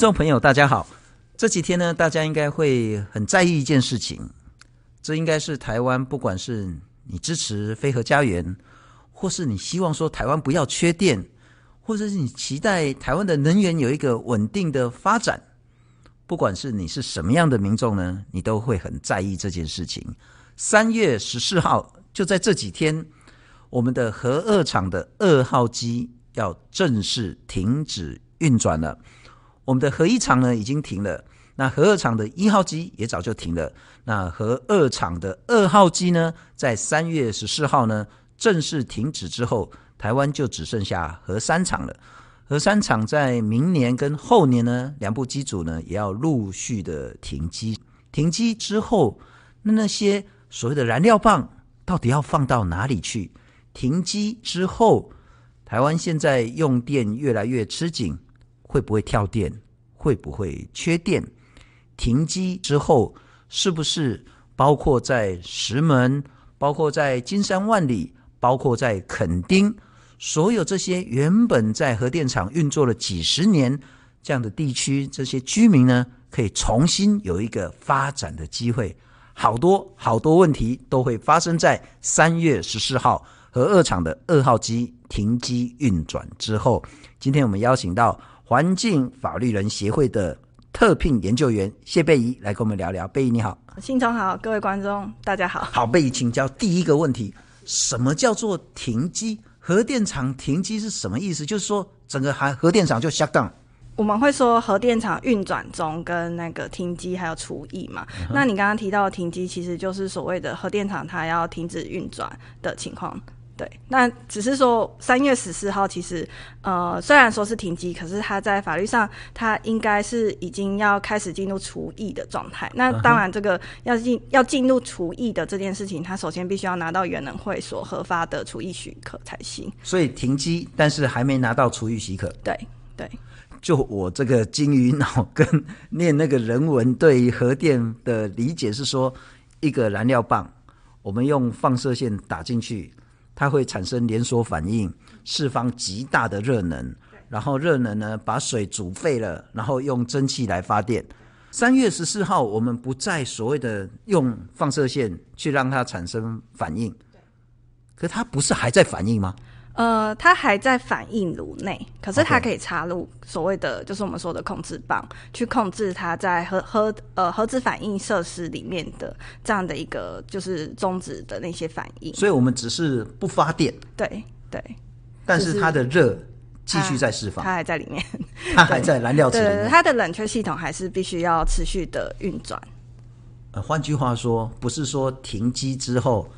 聽眾朋友，大家好。這幾天呢，大家應該會很在意一件事情，這應該是台灣，不管是你支持非核家園，或是你希望說台灣不要缺電，或者是你期待台灣的能源有一個穩定的發展，不管是你是什麼樣的民眾呢，你都會很在意這件事情。三月十四號，就在這幾天，我們的核二廠的二號機要正式停止運轉了。我們的核一廠呢，已經停了，那核二廠的一號機也早就停了，那核二廠的二號機呢，在三月十四號呢正式停止之後，台灣就只剩下核三廠了。核三廠在明年跟後年呢，兩部機組呢也要陸續的停機。停機之後，那，那些所謂的燃料棒到底要放到哪裡去？停機之後，台灣現在用電越來越吃緊。會不會跳電？會不會缺電？停機之後，是不是包括在石門，包括在金山萬里，包括在墾丁，所有這些原本在核電廠運作了幾十年這樣的地區，這些居民呢，可以重新有一個發展的機會。好多好多問題都會發生在三月十四號核二廠的二號機停機運轉之後。今天我們邀請到。環境法律人協會的特聘研究員謝蓓宜來跟我們聊聊。蓓宜你好，信聰好，各位觀眾大家好。好，蓓宜請教第一個問題：什麼叫做停機？核電廠停機是什麼意思？就是說整個核核電廠就 shut down？我們會說核電廠運轉中跟那個停機還有除役嘛、嗯。那你剛剛提到的停機，其實就是所謂的核電廠它要停止運轉的情況。對，那只是說三月十四號，其實呃，雖然說是停機，可是他在法律上，他應該是已經要開始進入除役的狀態。那當然，這個要進、Uh-huh. 要進入除役的這件事情，他首先必須要拿到原能會所核發的除役許可才行。所以停機，但是還沒拿到除役許可。對對，就我這個金魚腦跟念那個人文對於核電的理解是說，一個燃料棒，我們用放射線打進去。它會產生連鎖反應，釋放極大的熱能，然後熱能呢把水煮沸了，然後用蒸汽來發電。三月十四號，我們不再所謂的用放射線去讓它產生反應，可它不是還在反應嗎？呃，它還在反應爐內，可是它可以插入所謂的、okay. 就是我們說的控制棒，去控制它在核核呃核子反應設施裡面的這樣的一個就是中子的那些反應。所以我們只是不發電，對對，但是它的熱繼續在釋放它，它還在裡面，它還在燃料池裡面，它的冷卻系統還是必須要持續的運轉。呃，換句話說，不是說停機之後。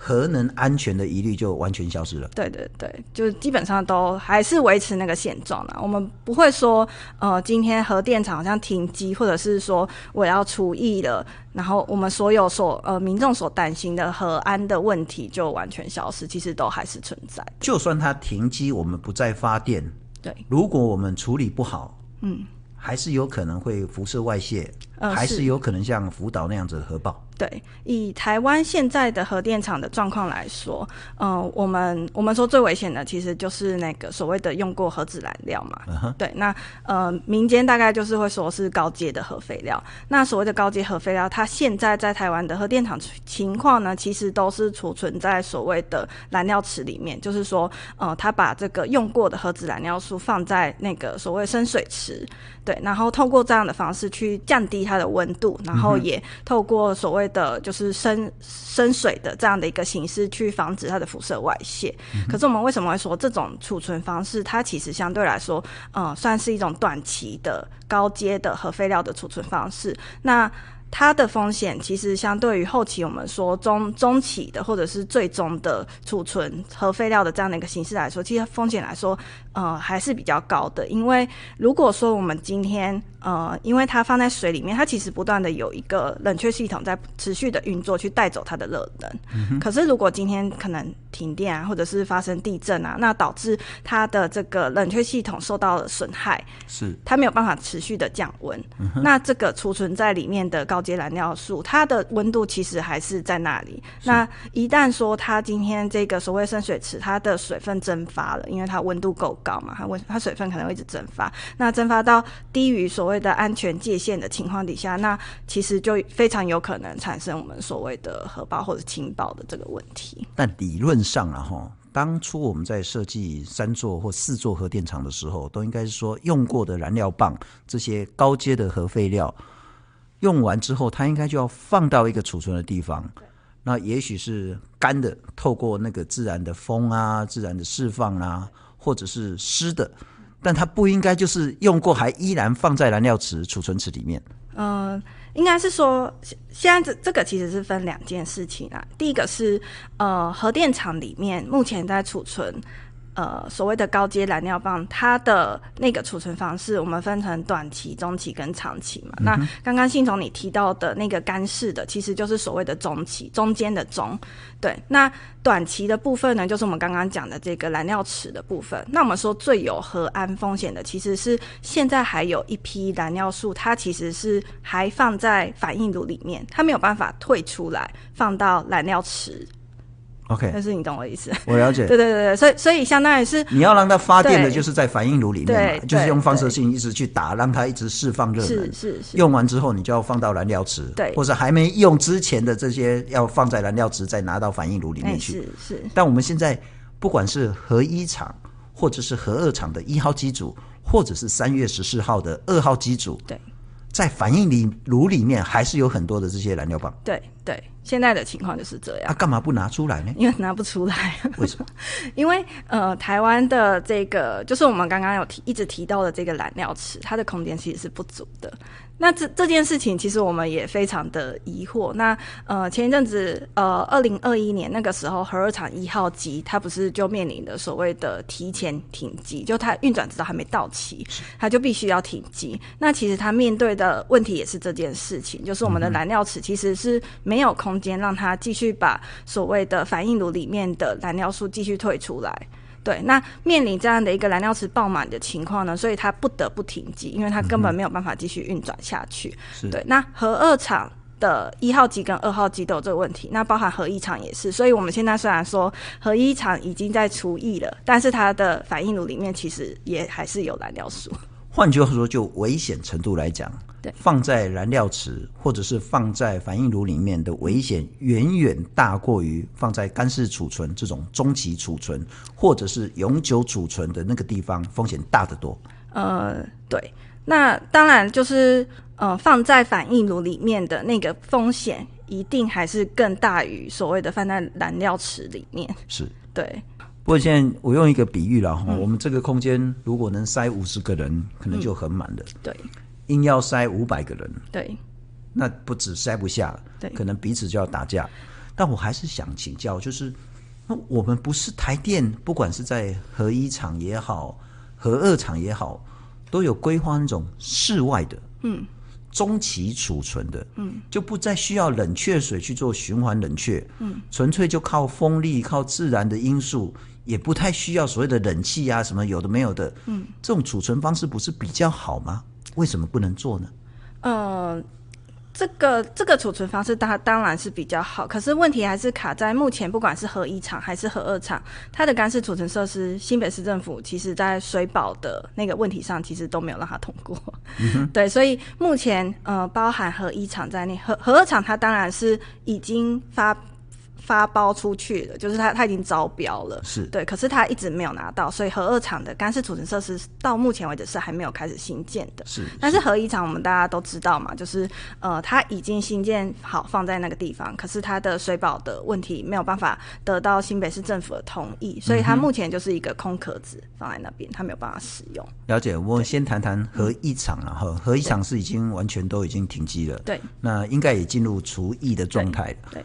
核能安全的疑慮就完全消失了。對對對，就是基本上都還是維持那個現狀啦、啊。我們不會說，呃，今天核電廠好像停機，或者是說我要除役了，然後我們所有所呃民眾所擔心的核安的問題就完全消失，其實都還是存在。就算它停機，我們不再發電，對，如果我們處理不好，嗯，還是有可能會輻射外洩，呃、還是有可能像福島那樣子核爆。對，以台灣現在的核電廠的狀況來說，嗯、呃，我們我們說最危險的其實就是那個所謂的用過核子燃料嘛。Uh -huh. 對，那呃，民間大概就是會說是高階的核廢料。那所謂的高階核廢料，它現在在台灣的核電廠情況呢，其實都是儲存在所謂的燃料池裡面，就是說，呃，他把這個用過的核子燃料素放在那個所謂深水池，對，然後透過這樣的方式去降低它的溫度，然後也透過所謂的的就是深深水的這樣的一個形式去防止它的輻射外泄。嗯。可是我們為什麼會說這種儲存方式，它其實相對來說，嗯，算是一種短期的、高階的核廢料的儲存方式？那它的風險其實相對於後期我們說中中期的或者是最終的儲存核廢料的這樣的一個形式來說，其實風險來說。呃，還是比較高的，因為如果說我們今天呃，因為它放在水裡面，它其實不斷的有一個冷卻系統在持續的運作，去帶走它的熱能。嗯哼。可是如果今天可能停電啊，或者是發生地震啊，那導致它的這個冷卻系統受到了損害，是它沒有辦法持續的降溫。嗯哼。那這個儲存在裡面的高階燃料素，它的溫度其實還是在那裡。那一旦說它今天這個所謂深水池，它的水分蒸發了，因為它溫度夠高。嘛，它水分可能會一直蒸發，那蒸發到低於所謂的安全界限的情況底下，那其實就非常有可能產生我們所謂的核爆或者氫爆的這個問題。但理論上啊，當初我們在設計三座或四座核電廠的時候，都應該是說用過的燃料棒這些高階的核廢料用完之後，它應該就要放到一個儲存的地方，那也許是乾的，透過那個自然的風啊，自然的釋放啊。或者是濕的，但它不應該就是用過還依然放在燃料池儲存池裡面。嗯、呃，應該是說，現在這這個其實是分兩件事情啊。第一個是呃，核電廠裡面目前在儲存。呃，所謂的高階燃料棒，它的那個儲存方式，我們分成短期、中期跟長期嘛。嗯、那剛剛信聰你提到的那個乾式的，其實就是所謂的中期，中間的中。對，那短期的部分呢，就是我們剛剛講的這個燃料池的部分。那我們說最有核安風險的，其實是現在還有一批燃料素，它其實是還放在反應爐裡面，它沒有辦法退出來放到燃料池。OK，但是你懂我意思，我了解。 對對對對，所以所以相當於是你要讓它發電的，就是在反應爐裡面，對對對，就是用放射性一直去打，讓它一直釋放熱能。是是是。用完之後，你就要放到燃料池，對，或者還沒用之前的這些要放在燃料池，再拿到反應爐裡面去。欸、是是。但我們現在不管是核一廠或者是核二廠的一號機組，或者是三月十四號的二號機組，對，在反應里爐裡面還是有很多的這些燃料棒。對對。現在的情況就是這樣。他、啊、幹嘛不拿出來呢？因為拿不出來。為什麼？ 因為呃，台灣的這個就是我們剛剛有提一直提到的這個燃料池，它的空間其實是不足的。那這這件事情其實我們也非常的疑惑。那呃，前一陣子呃，二零二一年那個時候，核二廠一號機它不是就面臨的所謂的提前停機，就它運轉執照還沒到期，它就必須要停機。那其實它面對的問題也是這件事情，就是我們的燃料池其實是沒有空間讓它繼續把所謂的反應爐裡面的燃料束繼續退出來。對，那面臨這樣的一個燃料池爆滿的情況呢，所以它不得不停機，因為它根本沒有辦法繼續運轉下去。對，那核二廠的一號機跟二號機都有這個問題，那包含核一廠也是。所以我們現在雖然說核一廠已經在除役了，但是它的反應爐裡面其實也還是有燃料束。換句話說，就危險程度來講。對，放在燃料池或者是放在反應爐裡面的危險，遠遠大過於放在乾式儲存這種中期儲存或者是永久儲存的那個地方，風險大得多。呃，對，那當然就是呃，放在反應爐裡面的那個風險，一定還是更大於所謂的放在燃料池裡面。是，對。不過現在我用一個比喻了哈、嗯，我們這個空間如果能塞五十個人，可能就很滿了、嗯。對。硬要塞五百個人，對，那不止塞不下，對，可能彼此就要打架。但我還是想請教，就是我們不是台電，不管是在核一廠也好，核二廠也好，都有規劃那種室外的，嗯，中期儲存的，嗯，就不再需要冷卻水去做循環冷卻，嗯，純粹就靠風力，靠自然的因素，也不太需要所謂的冷氣啊什麼，有的沒有的，嗯，這種儲存方式不是比較好嗎？為什麼不能做呢？嗯、呃，這個這個儲存方式，它當然是比較好，可是問題還是卡在目前，不管是核一廠還是核二廠，它的乾式儲存設施，新北市政府其實在水保的那個問題上，其實都沒有讓它通過、嗯。對，所以目前，呃，包含核一廠在內，核核二廠，它當然是已經發。發包出去了，就是他，他已經招標了，是對，可是他一直沒有拿到，所以核二廠的乾式儲存設施到目前為止是還沒有開始新建的。是，但是核一廠我們大家都知道嘛，就是呃，它已經新建好放在那個地方，可是它的水保的問題沒有辦法得到新北市政府的同意，所以它目前就是一個空殼子放在那邊、嗯，它沒有辦法使用。了解，我先談談核一廠了，核一廠是已經完全都已經停機了，對，那應該也進入除役的狀態了，對。對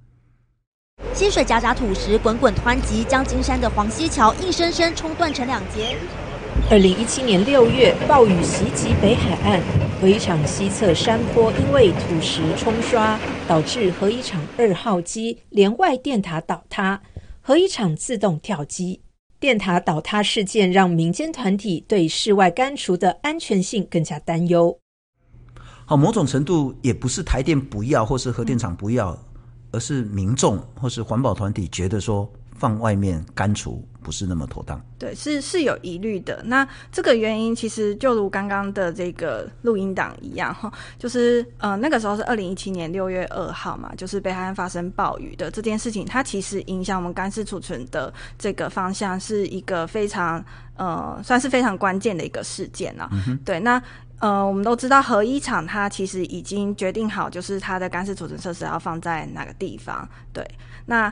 溪水夾雜土石，滾滾湍急，將金山的黃溪橋硬生生沖斷成兩截。二零一七年六月，暴雨襲擊北海岸，核一廠西側山坡因為土石沖刷，導致核一廠二號機連外電塔倒塌，核一廠自動跳機。電塔倒塌事件讓民間團體對室外乾貯的安全性更加擔憂。好，某種程度也不是台電不要，或是核電廠不要。嗯而是民眾或是環保團體覺得說放外面乾儲不是那麼妥當，對，是是有疑慮的。那這個原因其實就如剛剛的這個錄音檔一樣，就是呃那個時候是二零一七年六月二號嘛，就是北海岸發生暴雨的這件事情，它其實影響我們乾式儲存的這個方向，是一個非常呃算是非常關鍵的一個事件了，啊嗯。對，那。呃，我們都知道核一廠，它其實已經決定好，就是它的乾式貯存設施要放在哪個地方。對，那。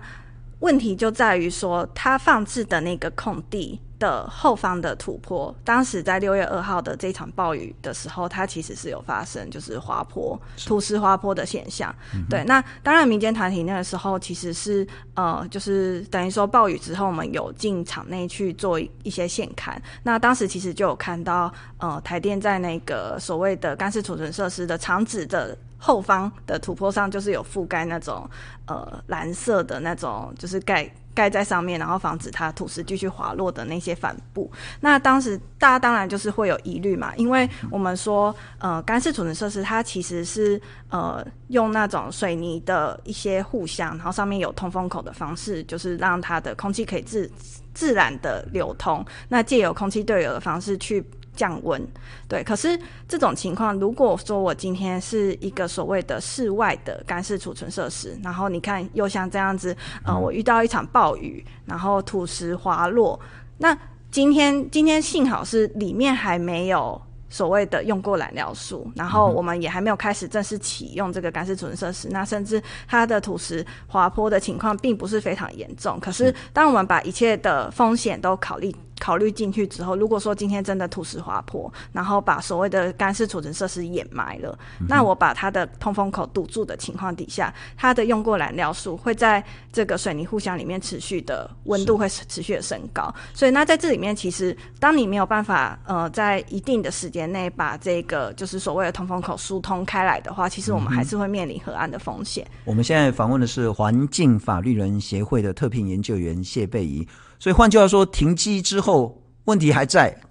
問題就在於說，它放置的那個空地的後方的土坡，當時在六月二號的這場暴雨的時候，它其實是有發生就是滑坡、土石滑坡的現象，嗯。對，那當然民間團體那個時候其實是呃，就是等於說暴雨之後，我們有進廠內去做一些現勘。那當時其實就有看到，呃，台電在那個所謂的乾式儲存設施的廠址的後方的土坡上就是有覆蓋那種呃藍色的那種，就是蓋蓋在上面，然後防止它土石繼續滑落的那些帆布。那當時大家當然就是會有疑慮嘛，因為我們說呃乾式儲存設施它其實是呃用那種水泥的一些護箱，然後上面有通風口的方式，就是讓它的空氣可以自自然的流通，那借由空氣對流的方式去，降溫，對。可是這種情況，如果說我今天是一個所謂的室外的乾式儲存設施，然後你看又像這樣子，嗯、呃，我遇到一場暴雨，然後土石滑落。那今天今天幸好是裡面還沒有所謂的用過燃料素，然後我們也還沒有開始正式啟用這個乾式儲存設施，那甚至它的土石滑坡的情況並不是非常嚴重。可是當我們把一切的風險都考慮，考慮進去之後，如果說今天真的土石滑坡，然後把所謂的乾式儲存設施掩埋了，嗯、那我把它的通風口堵住的情況底下，它的用過的燃料束會在這個水泥護箱裡面持續的溫度會持續的升高。所以，那在這裡面，其實當你沒有辦法呃在一定的時間內把這個就是所謂的通風口疏通開來的話，其實我們還是會面臨核安的風險，嗯。我們現在訪問的是環境法律人協會的特聘研究員謝蓓宜。所以換句話說，停機之後問題還在，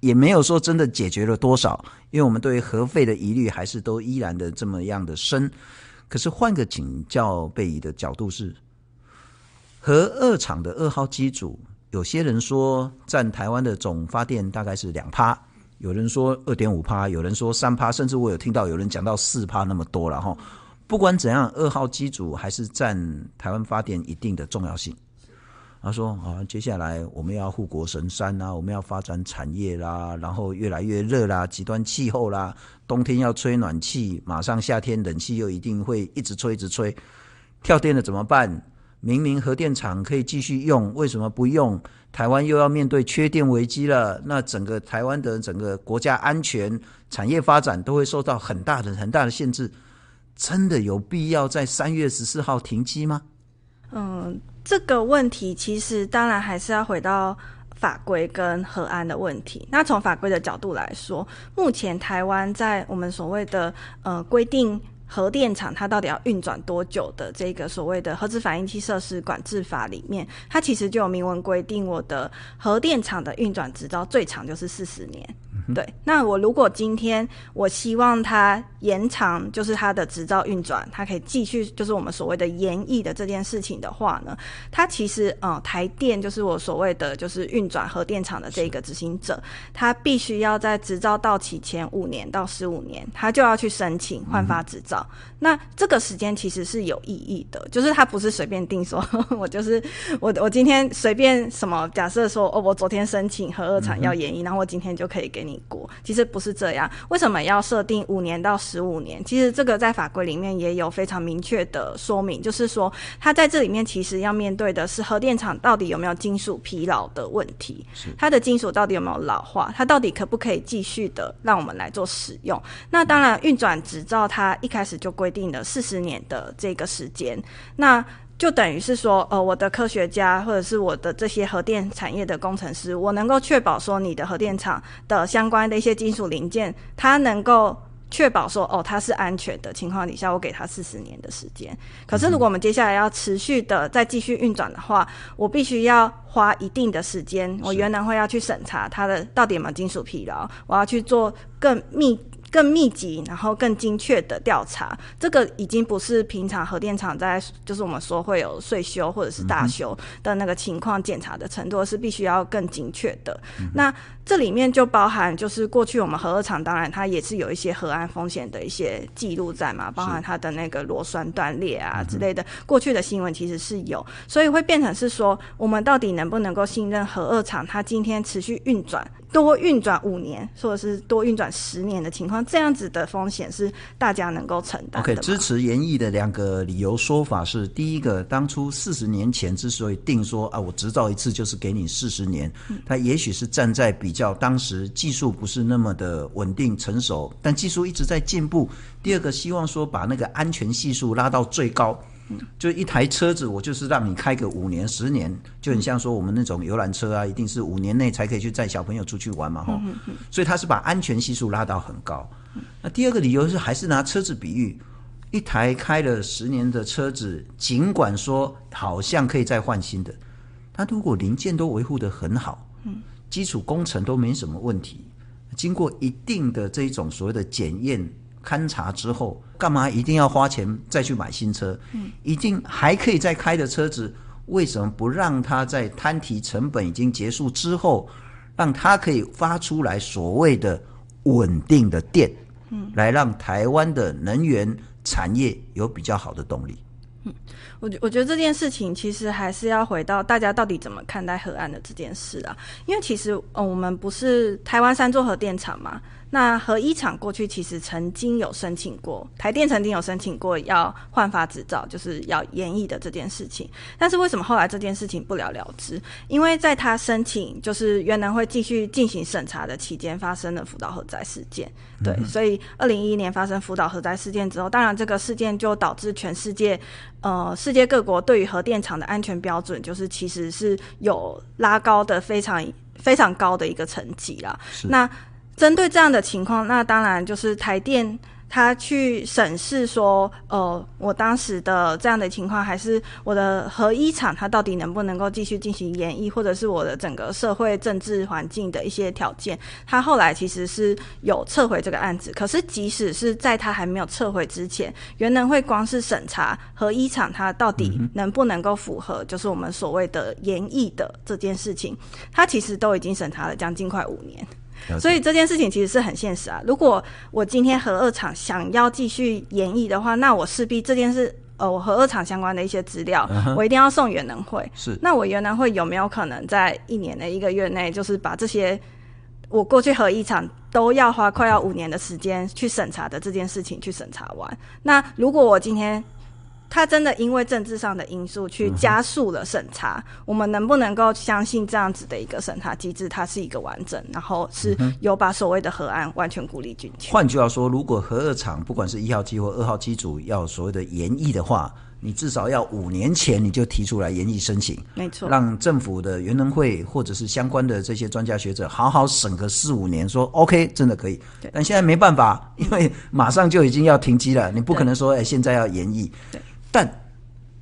也沒有說真的解決了多少。因為我們對於核廢的疑慮還是都依然的這麼樣的深。可是換個請教蓓宜的角度是，核二廠的二號機組，有些人說占台灣的總發電大概是兩趴，有人說二點五趴，有人說三趴，甚至我有聽到有人講到四趴那麼多了哈。不管怎樣，二號機組還是占台灣發電一定的重要性。他說：“好、啊，接下來我們要護國神山啊，我們要發展產業啦，然後越來越熱啦，極端氣候啦，冬天要吹暖氣，馬上夏天冷氣又一定會一直吹一直吹，跳電了怎麼辦？明明核電廠可以繼續用，為什麼不用？台灣又要面對缺電危機了，那整個台灣的整個國家安全、產業發展都會受到很大的很大的限制。真的有必要在三月十四號停機嗎？”嗯。這個問題其實當然還是要回到法規跟核安的問題。那從法規的角度來說，目前台灣在我們所謂的呃規定核電廠它到底要運轉多久的這個所謂的核子反應器設施管制法裡面，它其實就有明文規定，我的核電廠的運轉執照最長就是四十年。對，那我如果今天我希望他延長，就是他的執照運轉，他可以繼續就是我們所謂的延役的這件事情的話呢，他其實啊、呃、台電就是我所謂的就是運轉核電廠的這個執行者，他必須要在執照到期前五年到十五年，他就要去申請換發執照，嗯。那這個時間其實是有意義的，就是他不是隨便定說， 我就是我我今天隨便什麼假設說哦，我昨天申請核二廠要延役，嗯，然後我今天就可以給你。結果其實不是這樣，為什麼要設定五年到十五年？其實這個在法規裡面也有非常明確的說明，就是說它在這裡面其實要面對的是核電廠到底有沒有金屬疲勞的問題，它的金屬到底有沒有老化，它到底可不可以繼續的讓我們來做使用？那當然，運轉執照它一開始就規定了四十年的這個時間，那。就等於是說，呃，我的科學家或者是我的這些核電產業的工程師，我能夠確保說，你的核電廠的相關的一些金屬零件，它能夠確保說，哦，它是安全的情況底下，我給他四十年的時間。可是，如果我們接下來要持續的再繼續運轉的話，我必須要花一定的時間，我原能會要去審查它的到底有沒有金屬疲勞，我要去做更密。更密集，然後更精確的調查，這個已經不是平常核電廠在，就是我們說會有歲修或者是大修的那個情況檢查的程度，嗯、是必須要更精確的。嗯、那這裡面就包含，就是過去我們核二廠當然它也是有一些核安風險的一些記錄在嘛，包含它的那個螺栓斷裂啊之類的，過去的新聞其實是有，所以會變成是說，我們到底能不能夠信任核二廠它今天持續運轉？多運轉五年，或者是多運轉十年的情況，這樣子的風險是大家能夠承擔的。OK，支持延役的兩個理由說法是：第一個，當初四十年前之所以定說啊，我執照一次就是給你四十年，他也許是站在比較當時技術不是那麼的穩定成熟，但技術一直在進步；第二個，希望說把那個安全係數拉到最高。就一台車子，我就是讓你開個五年、十年，就很像說我們那種遊覽車啊，一定是五年內才可以去載小朋友出去玩嘛，哈、嗯。所以他是把安全係數拉到很高。那第二個理由是，還是拿車子比喻，一台開了十年的車子，儘管說好像可以再換新的，它如果零件都維護得很好，基礎工程都沒什麼問題，經過一定的這種所謂的檢驗勘察之後。幹嘛一定要花錢再去買新車？嗯，一定還可以再開的車子，為什麼不讓他在攤提成本已經結束之後，讓他可以發出來所謂的穩定的電，嗯，來讓台灣的能源產業有比較好的動力？嗯，我我覺得這件事情其實還是要回到大家到底怎麼看待核安的這件事啊，因為其實嗯，我們不是台灣三座核電廠嘛。那核一廠過去其實曾經有申請過，台電曾經有申請過要換發執照，就是要延役的這件事情。但是為什麼後來這件事情不了了之？因為在他申請，就是原能會繼續進行審查的期間，發生了福島核災事件。嗯嗯對，所以二零一一年發生福島核災事件之後，當然這個事件就導致全世界，呃，世界各國對於核電廠的安全標準，就是其實是有拉高的非常非常高的一個成績了。是那針對這樣的情況，那當然就是台電他去審視說，呃，我當時的這樣的情況，還是我的核一廠它到底能不能夠繼續進行延役？或者是我的整個社會政治環境的一些條件，他後來其實是有撤回這個案子。可是即使是在他還沒有撤回之前，原能會光是審查核一廠它到底能不能夠符合，就是我們所謂的延役的這件事情，他其實都已經審查了將近快五年。所以這件事情其實是很現實啊！如果我今天核二廠想要繼續延役的話，那我勢必這件事，呃，我核二廠相關的一些資料、uh -huh，我一定要送原能會。是，那我原能會有沒有可能在一年內一個月內，就是把這些我過去核一廠都要花快要五年的時間去審查的這件事情去審查完？那如果我今天他真的因為政治上的因素去加速了審查、嗯，我們能不能夠相信這樣子的一個審查機制，它是一個完整，然後是有把所謂的核安完全鼓勵進去？換、嗯、句話說，如果核二廠不管是一號機或二號機組要所謂的延役的話，你至少要五年前你就提出來延役申請，沒錯，讓政府的原能會或者是相關的這些專家學者好好審個四五年，說 OK 真的可以對，但現在沒辦法，因為馬上就已經要停機了，你不可能說哎、欸、現在要延役。對但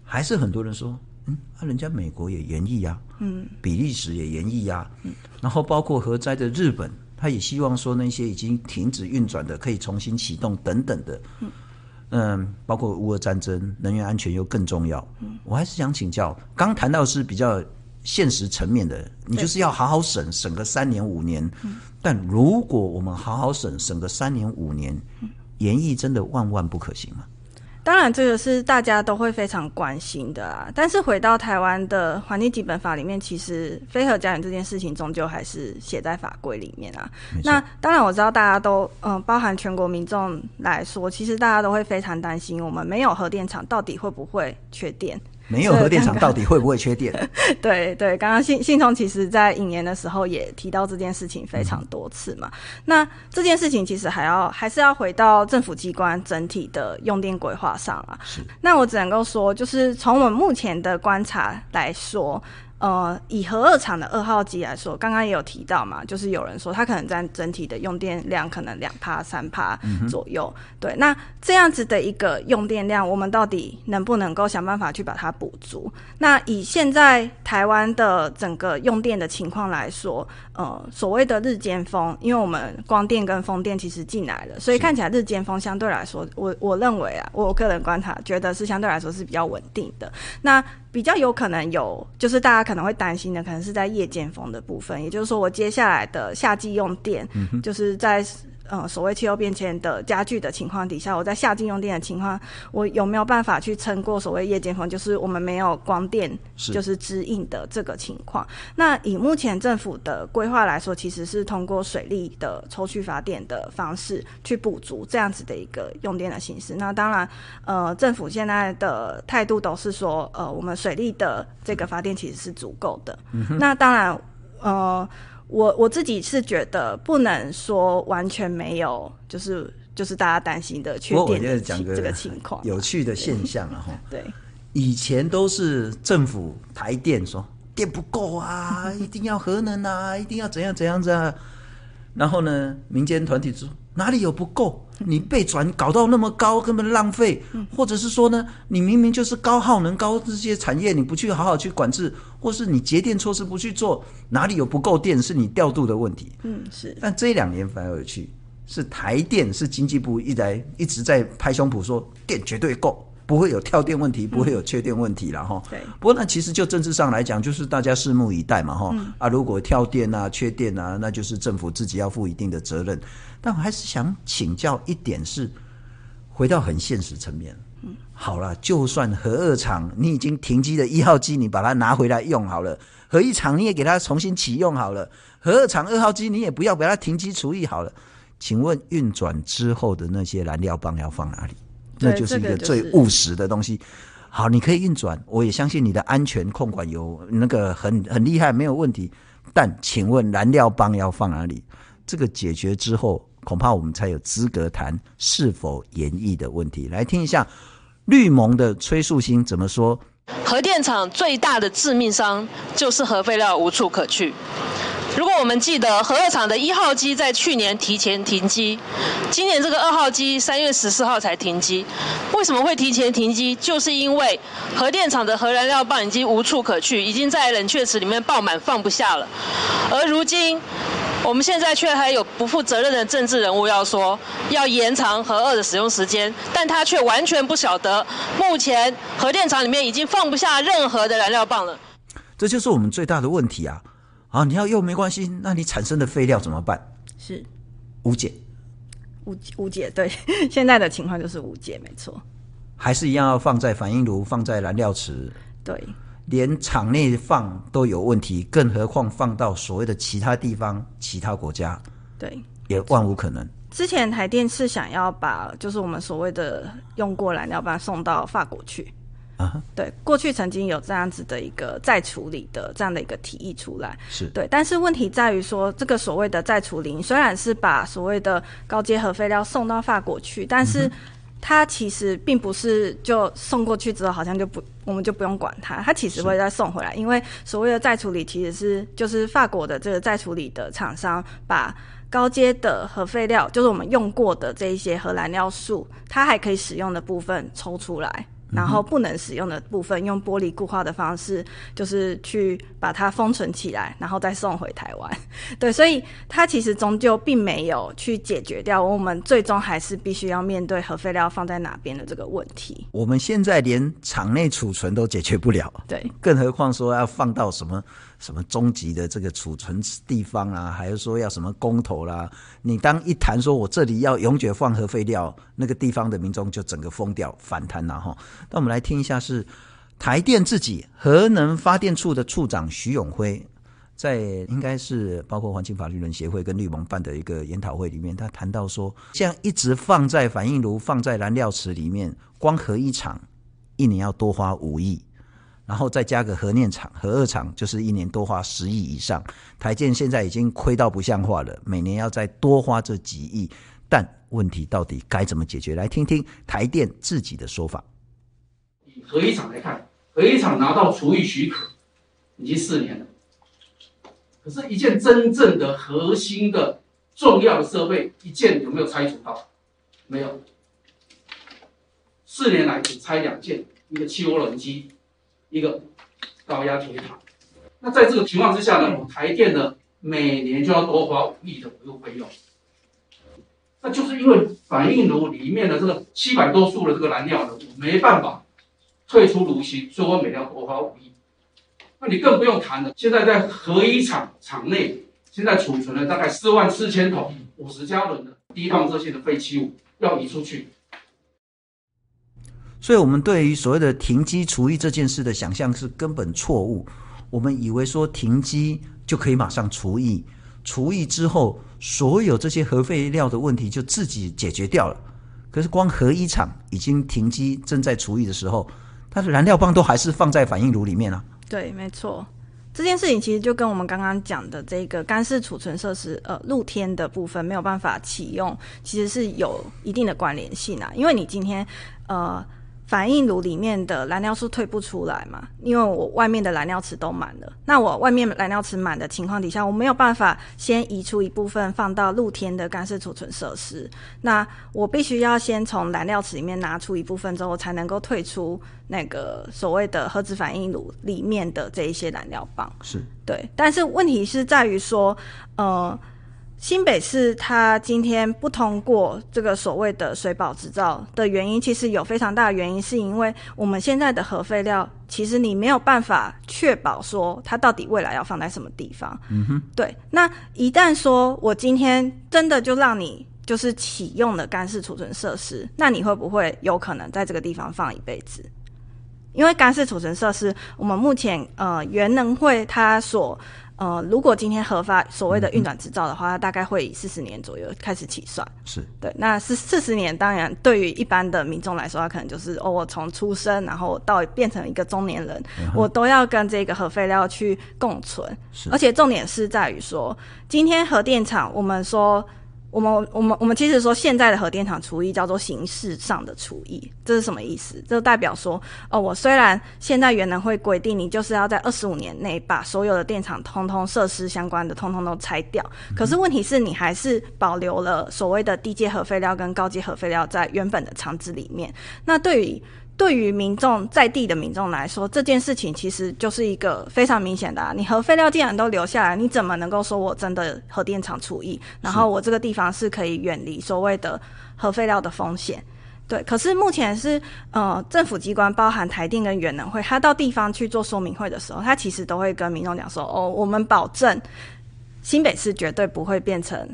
還是很多人說，嗯啊，人家美國也延役呀，啊，嗯，比利時也延役呀，啊，嗯，然後包括核災的日本，他也希望說那些已經停止運轉的可以重新啟動等等的嗯，嗯，包括烏俄戰爭，能源安全又更重要，嗯，我還是想請教，剛談到的是比較現實層面的，你就是要好好省省個三年五年，嗯，但如果我們好好省省個三年五年，延役真的萬萬不可行嗎，啊？當然，這個是大家都會非常關心的啊。但是回到台灣的環境基本法裡面，其實非核家園這件事情終究還是寫在法規裡面啊。那當然，我知道大家都，嗯，包含全國民眾來說，其實大家都會非常擔心，我們沒有核電廠，到底會不會缺電？沒有核電廠，到底會不會缺電？剛剛，對對，剛剛信信聰其實在引言的時候也提到這件事情非常多次嘛。嗯、那這件事情其實還要還是要回到政府機關整體的用電規劃上啊。是。那我只能夠說，就是從我們目前的觀察來說。呃，以核二廠的二號機來說，剛剛也有提到嘛，就是有人說它可能占整體的用電量可能兩趴、三趴左右，嗯。對，那這樣子的一個用電量，我們到底能不能夠想辦法去把它補足？那以現在台灣的整個用電的情況來說。呃、嗯，所謂的日間峰，因為我們光電跟風電其實進來了，所以看起來日間峰相對來說，我我認為啊，我個人觀察覺得是相對來說是比較穩定的。那比較有可能有，就是大家可能會擔心的，可能是在夜間峰的部分，也就是說我接下來的夏季用電，嗯、就是在。呃，所謂氣候變遷的加劇的情況底下，我在夏季用電的情況，我有沒有辦法去撐過所謂夜間峰？就是我們沒有光電，就是支應的這個情況。那以目前政府的規劃來說，其實是通過水利的抽蓄發電的方式去補足這樣子的一個用電的形式。那當然，呃，政府現在的態度都是說，呃，我們水利的這個發電其實是足夠的，嗯。那當然，呃。我我自己是覺得不能說完全沒有，就是就是大家擔心的缺電，個這個情況，有趣的現象啊，哈。對,對，以前都是政府台電說電不夠啊，一定要核能啊， 一定要怎樣怎樣子啊，然後呢，民間團體說哪裡有不夠？你被轉搞到那麼高，根本浪費。或者是說呢，你明明就是高耗能高這些產業，你不去好好去管制，或是你節電措施不去做，哪裡有不夠電？是你調度的問題。嗯，是。但這兩年反而有趣，是台電是經濟部一來一直在拍胸脯說電絕對夠。不會有跳電問題，不會有缺電問題了哈、嗯、對。不過那其實就政治上來講，就是大家拭目以待嘛哈、嗯。啊，如果跳電啊、缺電啊，那就是政府自己要負一定的責任。但我還是想請教一點是，回到很現實層面。嗯。好啦，就算核二廠你已經停機的一號機，你把它拿回來用好了；核一廠你也給它重新啟用好了；核二廠二號機你也不要把它停機除役好了。請問運轉之後的那些燃料棒要放哪裡？那就是一個最務實的東西。好，你可以運轉，我也相信你的安全控管有那個很很厲害，沒有問題。但請問燃料棒要放哪裡？這個解決之後，恐怕我們才有資格談是否延役的問題。來聽一下綠盟的崔愫欣怎麼說：核電廠最大的致命傷就是核廢料無處可去。如果我們記得核二廠的一號機在去年提前停機，今年這個二號機三月十四號才停機。為什麼會提前停機？就是因為核電廠的核燃料棒已經無處可去，已經在冷卻池裡面爆滿，放不下了。而如今，我們現在卻還有不負責任的政治人物要說要延長核二的使用時間，但他卻完全不曉得，目前核電廠裡面已經放不下任何的燃料棒了。這就是我們最大的問題啊！啊，你要又沒關係，那你產生的廢料怎麼辦？是，無解，無無解。對，現在的情況就是無解，沒錯。還是一樣要放在反應爐，放在燃料池。對，連廠內放都有問題，更何況放到所謂的其他地方、其他國家？對，也萬無可能。之前台電是想要把就是我們所謂的用過的燃料，把它送到法國去。啊、uh-huh.，對，過去曾經有這樣子的一個再處理的這樣的一個提議出來，是對，但是問題在於說，這個所謂的再處理，雖然是把所謂的高階核廢料送到法國去，但是它其實並不是就送過去之後好像就不，我們就不用管它，它其實會再送回來，因為所謂的再處理其實是就是法國的這個再處理的廠商把高階的核廢料，就是我們用過的這一些核燃料素，它還可以使用的部分抽出來。然後不能使用的部分，用玻璃固化的方式，就是去把它封存起來，然後再送回台灣。對，所以它其實終究並沒有去解決掉。我們最終還是必須要面對核廢料放在哪邊的這個問題。我們現在連廠內儲存都解決不了，對，更何況說要放到什麼什麼終極的這個儲存地方啊？還是說要什麼公投啦、啊？你當一談說我這裡要永久放核廢料，那個地方的民眾就整個瘋掉反彈然後……那我們來聽一下，是台電自己核能發電處的處長徐永輝，在應該是包括環境法律人協會跟綠盟辦的一個研討會裡面，他談到說，像一直放在反應爐放在燃料池裡面，光核一廠一年要多花五億，然後再加個核電廠、核二廠，就是一年多花十億以上。台電現在已經虧到不像話了，每年要再多花這幾億，但問題到底該怎麼解決？來聽聽台電自己的說法。核一廠來看，核一廠拿到除役許可已經四年了，可是，一件真正的核心的重要的設備，一件有沒有拆除到？沒有。四年來只拆兩件，一個汽渦輪機，一個高壓鐵塔。那在這個情況之下呢，我台電呢每年就要多花五億的維護費用。那就是因為反應爐裡面的這個七百多束的這個燃料呢，我沒辦法。退出爐心，所以我每天要多花五億。那你更不用談了。現在在核一廠廠內，現在儲存了大概四萬四千桶五十加侖的低放這些的廢棄物要移出去。所以，我們對於所謂的停機除役這件事的想象是根本錯誤。我們以為說停機就可以馬上除役，除役之後，所有這些核廢料的問題就自己解決掉了。可是，光核一廠已經停機正在除役的時候。它的燃料棒都還是放在反應爐裡面啊。對，沒錯，這件事情其實就跟我們剛剛講的這個乾式儲存設施，呃，露天的部分沒有辦法啟用，其實是有一定的關聯性啊。因為你今天，呃。反應爐裡面的燃料素退不出來嘛，因為我外面的燃料池都滿了。那我外面燃料池滿的情況底下，我沒有辦法先移出一部分放到露天的乾式儲存設施。那我必須要先從燃料池裡面拿出一部分之後，才能夠退出那個所謂的核子反應爐裡面的這一些燃料棒。是，對。但是問題是在於說，呃。新北市它今天不通過這個所謂的水保執照的原因，其實有非常大的原因，是因為我們現在的核廢料，其實你沒有辦法確保說它到底未來要放在什麼地方。嗯哼，對。那一旦說我今天真的就讓你就是啓用了乾式儲存設施，那你會不會有可能在這個地方放一輩子？因為乾式儲存設施，我們目前呃，原能會它所呃，如果今天核發所謂的運轉執照的話，嗯嗯，大概會以四十年左右開始起算。是，對，那四四十年，當然對於一般的民眾來說，他可能就是哦，我從出生，然後到變成一個中年人，嗯、我都要跟這個核廢料去共存。是，而且重點是在於說，今天核電廠，我們說。我們我們我們其實說，現在的核電廠除役叫做形式上的除役。這是什麼意思？這代表說，哦，我雖然現在原能會規定，你就是要在二十五年內把所有的電廠通通設施相關的通通都拆掉，可是問題是你還是保留了所謂的低階核廢料跟高階核廢料在原本的廠址裡面。那對於對於民眾在地的民眾來說，這件事情其實就是一個非常明顯的啊，你核廢料既然都留下來，你怎麼能夠說我真的核電廠除役，然後我這個地方是可以遠離所謂的核廢料的風險？對，可是目前是呃，政府機關包含台電跟原能會，他到地方去做說明會的時候，他其實都會跟民眾講說：哦，我們保證新北市絕對不會變成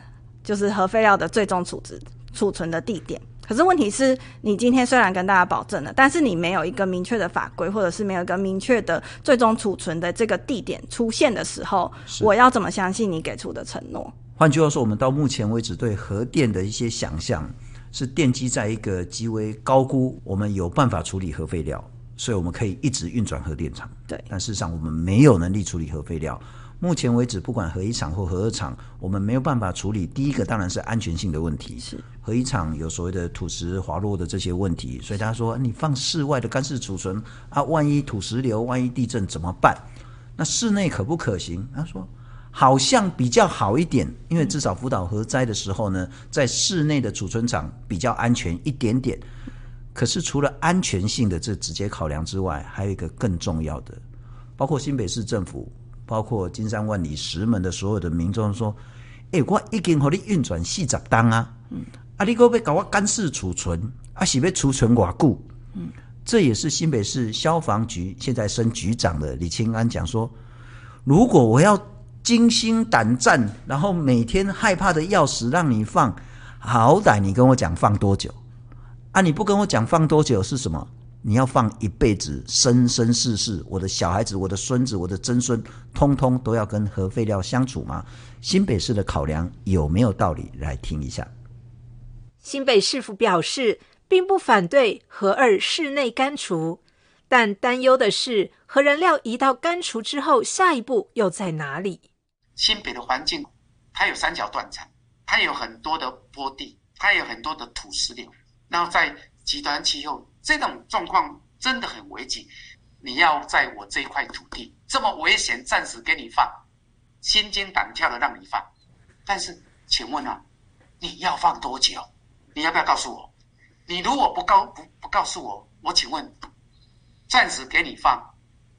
就是核廢料的最終處置儲存的地點。可是問題是你今天雖然跟大家保證了，但是你沒有一個明確的法規，或者是沒有一個明確的最終儲存的這個地點出現的時候，我要怎麼相信你給出的承諾？換句話說，我們到目前為止對核電的一些想象是奠基在一個極為高估，我們有辦法處理核廢料，所以我們可以一直運轉核電廠。對，但事實上我們沒有能力處理核廢料。目前為止，不管核一廠或核二廠，我們沒有辦法處理。第一個當然是安全性的問題，是核一廠有所謂的土石滑落的這些問題，所以他說你放室外的乾式儲存啊，萬一土石流，萬一地震怎麼辦？那室內可不可行？他說好像比較好一點，因為至少福島核災的時候呢，在室內的儲存廠比較安全一點點。可是除了安全性的這直接考量之外，還有一個更重要的，包括新北市政府。包括金山萬里石門的所有的民眾說：“哎、欸，我已經和你運轉四十年啊！啊，你可別搞我乾式儲存，啊，是要儲存多久？嗯，這也是新北市消防局現在升局長的李清安講說：如果我要驚心膽戰，然後每天害怕的要死，讓你放，好歹你跟我講放多久啊？你不跟我講放多久是什麼？”你要放一輩子生生世世，我的小孩子，我的孫子，我的曾孫，通通都要跟核廢料相處嗎？新北市的考量有沒有道理？來聽一下。新北市府表示，並不反對核二室內乾貯，但擔憂的是，核燃料移到乾貯之後，下一步又在哪裡？新北的環境，它有三角斷層，它有很多的坡地，它有很多的土石流，然後在極端氣候。這種狀況真的很危急，你要在我這一塊土地這麼危險，暫時給你放，心驚膽跳的讓你放，但是請問啊，你要放多久？你要不要告訴我？你如果不告不，不告訴我，我請問，暫時給你放，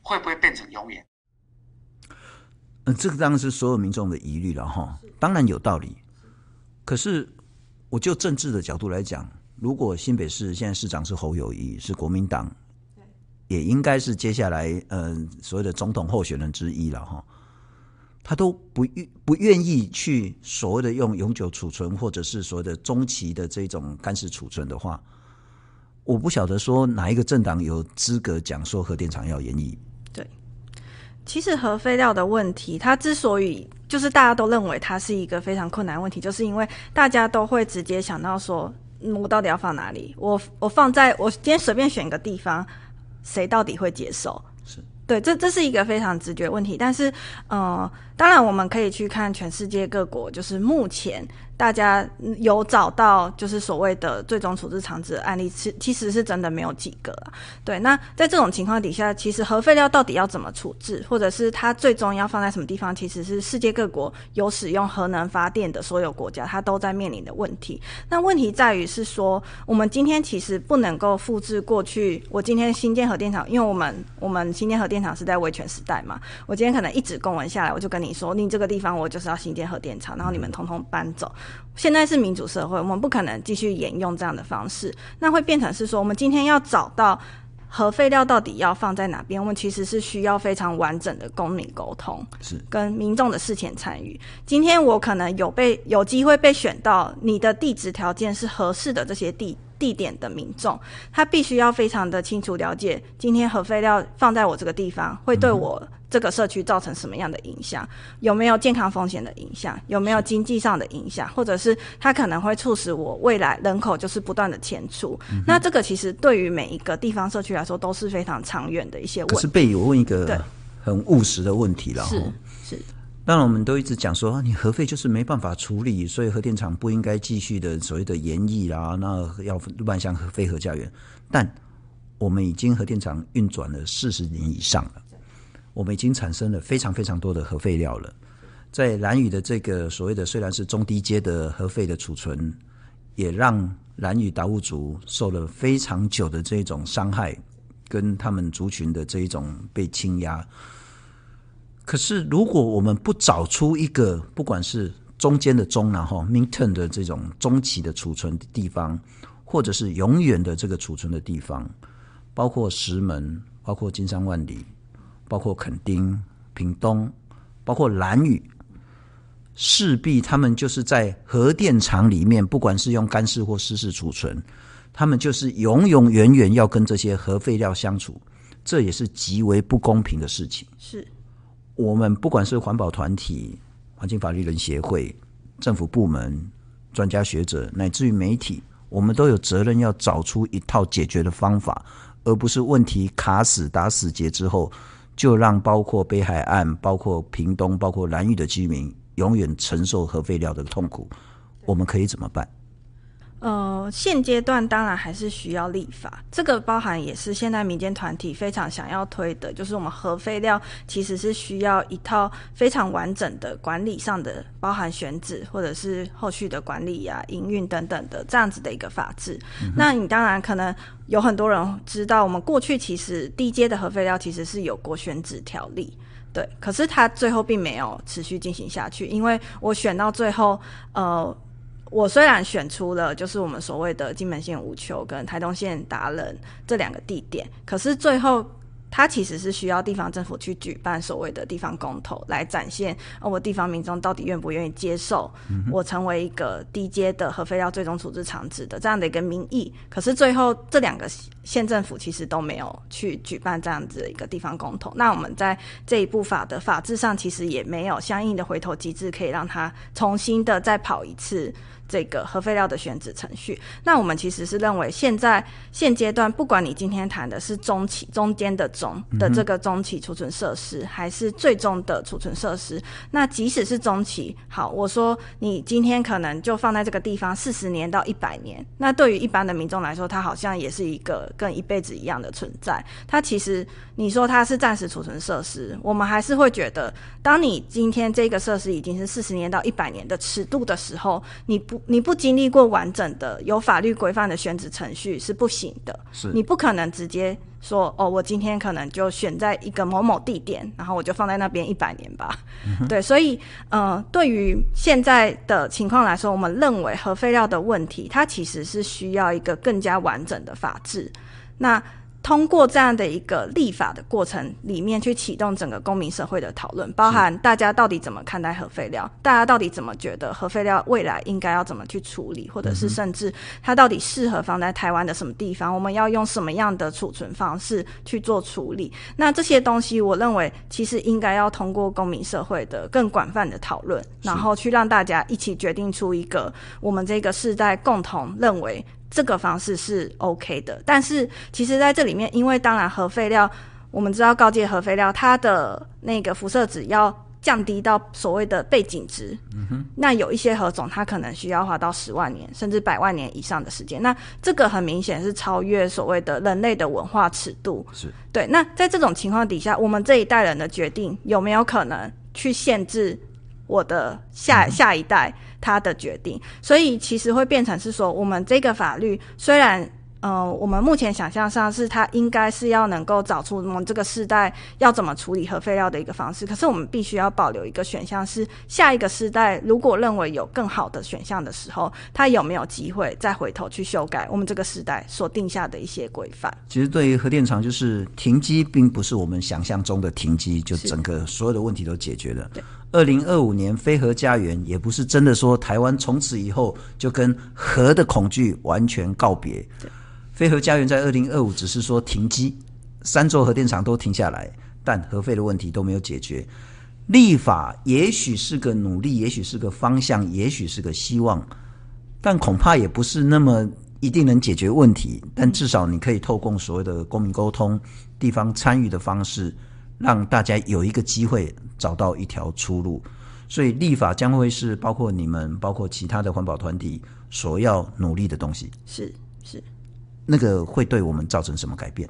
會不會變成永遠？嗯、呃，這個當然是所有民眾的疑慮了哈，當然有道理，可是我就政治的角度來講。如果新北市現在市長是侯友宜，是國民黨，也應該是接下來嗯、呃、所謂的總統候選人之一了哈。他都不願不願意去所謂的用永久儲存或者是所謂的中期的這種乾式儲存的話，我不曉得說哪一個政黨有資格講說核電廠要延役。對，其實核廢料的問題，它之所以就是大家都認為它是一個非常困難的問題，就是因為大家都會直接想到說。我到底要放哪裡？我我放在我今天隨便選一個地方，誰到底會接受？是對，這這是一個非常直覺的問題。但是，嗯、呃，當然我們可以去看全世界各國，就是目前。大家有找到就是所謂的最終處置場址的案例，其其實是真的沒有幾個啊。對，那在這種情況底下，其實核廢料到底要怎麼處置，或者是它最終要放在什麼地方，其實是世界各國有使用核能發電的所有國家，它都在面臨的問題。那問題在於是說，我們今天其實不能夠複製過去。我今天新建核電廠，因為我們我們新建核電廠是在威權時代嘛。我今天可能一紙公文下來，我就跟你說，你這個地方我就是要新建核電廠，然後你們通通搬走。現在是民主社會，我們不可能繼續沿用這樣的方式，那會變成是說，我們今天要找到核廢料到底要放在哪邊，我們其實是需要非常完整的公民溝通，是跟民眾的事前參與。今天我可能有被有機會被選到你的地質條件是合適的這些地。地點的民眾，他必須要非常的清楚了解，今天核廢料放在我這個地方，會對我這個社區造成什麼樣的影響？有沒有健康風險的影響？有沒有經濟上的影響？或者是他可能會促使我未來人口就是不斷的遷出、嗯？那這個其實對於每一個地方社區來說都是非常長遠的一些問題。我是被我問一個很務實的問題了。是。當然，我們都一直講說，你核廢就是沒辦法處理，所以核電廠不應該繼續的所謂的延役啦。那要邁向非核家園。但我們已經核電廠運轉了四十年以上了，我們已經產生了非常非常多的核廢料了。在蘭嶼的這個所謂的，雖然是中低階的核廢的儲存，也讓蘭嶼達悟族受了非常久的這種傷害，跟他們族群的這一種被傾壓。可是，如果我們不找出一個，不管是中間的中，然後 Minton 的這種中期的儲存的地方，或者是永遠的這個儲存的地方，包括石門，包括金山萬里，包括墾丁、屏東，包括蘭嶼，勢必他們就是在核電廠裡面，不管是用乾式或濕式儲存，他們就是永永遠遠要跟這些核廢料相處，這也是極為不公平的事情。是。我們不管是環保團體、環境法律人協會、政府部門、專家學者，乃至於媒體，我們都有責任要找出一套解決的方法，而不是問題卡死、打死結之後，就讓包括北海岸、包括屏東、包括蘭嶼的居民永遠承受核廢料的痛苦。我們可以怎麼辦？呃，現階段當然還是需要立法，這個包含也是現在民間團體非常想要推的，就是我們核廢料其實是需要一套非常完整的管理上的，包含選址或者是後續的管理啊、營運等等的這樣子的一個法制。嗯。那你當然可能有很多人知道，我們過去其實低階的核廢料其實是有過選址條例，對，可是它最後並沒有持續進行下去，因為我選到最後，呃。我雖然選出了就是我們所謂的金門縣烏坵跟台東縣達仁這兩個地點，可是最後它其實是需要地方政府去舉辦所謂的地方公投來展現，哦、我地方民眾到底願不願意接受我成為一個低階的核廢料最終處置場址的這樣的一個民意。可是最後這兩個縣政府其實都沒有去舉辦這樣子的一個地方公投，那我們在這一部法的法制上其實也沒有相應的回頭機制，可以讓它重新的再跑一次。這個核廢料的選址程序，那我們其實是認為現，現在現階段，不管你今天談的是中期中間的中的這個中期儲存設施，還是最終的儲存設施，那即使是中期，好，我說你今天可能就放在這個地方四十年到一百年，那對於一般的民眾來說，它好像也是一個跟一輩子一樣的存在。它其實你說它是暫時儲存設施，我們還是會覺得，當你今天這個設施已經是四十年到一百年的尺度的時候，你。你不經歷過完整的有法律規範的選址程序是不行的，是你不可能直接說哦，我今天可能就選在一個某某地點，然後我就放在那邊一百年吧、嗯。對，所以呃，對於現在的情況來說，我們認為核廢料的問題，它其實是需要一個更加完整的法制。那通過這樣的一個立法的過程裡面，去啟動整個公民社會的討論，包含大家到底怎麼看待核廢料，大家到底怎麼覺得核廢料未來應該要怎麼去處理，或者是甚至它到底適合放在台灣的什麼地方，我們要用什麼樣的儲存方式去做處理。那這些東西，我認為其實應該要通過公民社會的更廣泛的討論，然後去讓大家一起決定出一個我們這個世代共同認為。這個方式是 OK 的，但是其實，在這裡面，因為當然核廢料，我們知道高階核廢料它的那個輻射值，要降低到所謂的背景值，嗯哼，那有一些核種它可能需要花到十萬年甚至百萬年以上的時間，那這個很明顯是超越所謂的人類的文化尺度，是對。那在這種情況底下，我們這一代人的決定有沒有可能去限制？我的下下一代他的決定，嗯，所以其實會變成是說，我們這個法律雖然，呃，我們目前想象上是它應該是要能夠找出我們這個世代要怎麼處理核廢料的一個方式，可是我們必須要保留一個選項，是下一個世代如果認為有更好的選項的時候，他有沒有機會再回頭去修改我們這個時代所定下的一些規範？其實對於核電廠，就是停機並不是我們想象中的停機，就整個所有的問題都解決了。二零二五年非核家園也不是真的說台灣從此以後就跟核的恐懼完全告別。非核家園在二零二五只是說停機，三座核電廠都停下來，但核廢的問題都沒有解決。立法也許是個努力，也許是個方向，也許是個希望，但恐怕也不是那麼一定能解決問題。但至少你可以透過所謂的公民溝通、地方參與的方式。讓大家有一個機會找到一條出路，所以立法將會是包括你們、包括其他的環保團體所要努力的東西。是是，那個會對我們造成什麼改變？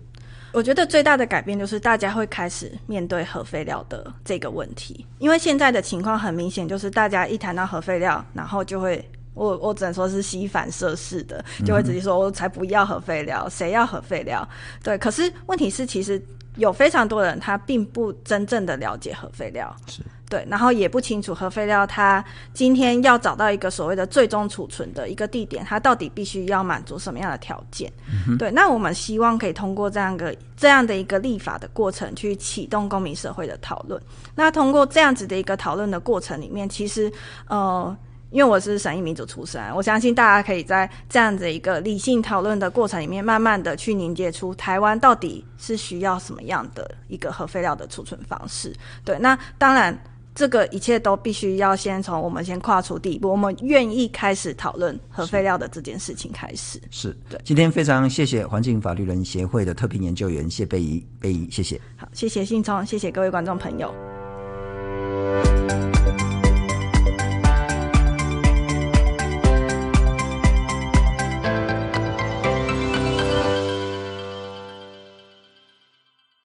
我覺得最大的改變就是大家會開始面對核廢料的這個問題，因為現在的情況很明顯，就是大家一談到核廢料，然後就會我我只能說是膝反射式的，就會直接說我才不要核廢料，嗯、誰要核廢料？對，可是問題是其實。有非常多人，他並不真正的了解核廢料，是對，然後也不清楚核廢料，它今天要找到一個所謂的最終儲存的一個地點，它到底必須要滿足什麼樣的條件。嗯，對，那我們希望可以通過這樣個這樣的一個立法的過程，去啟動公民社會的討論。那通過這樣子的一個討論的過程裡面，其實呃。因為我是審議民主出身，我相信大家可以在這樣子一個理性討論的過程裡面，慢慢的去凝結出台灣到底是需要什麼樣的一個核廢料的儲存方式。對，那當然，這個一切都必須要先從我們先跨出第一步，我們願意開始討論核廢料的這件事情開始。是的，今天非常謝謝環境法律人協會的特聘研究員謝蓓宜，蓓宜謝謝。好，謝謝信聰，謝謝各位觀眾朋友。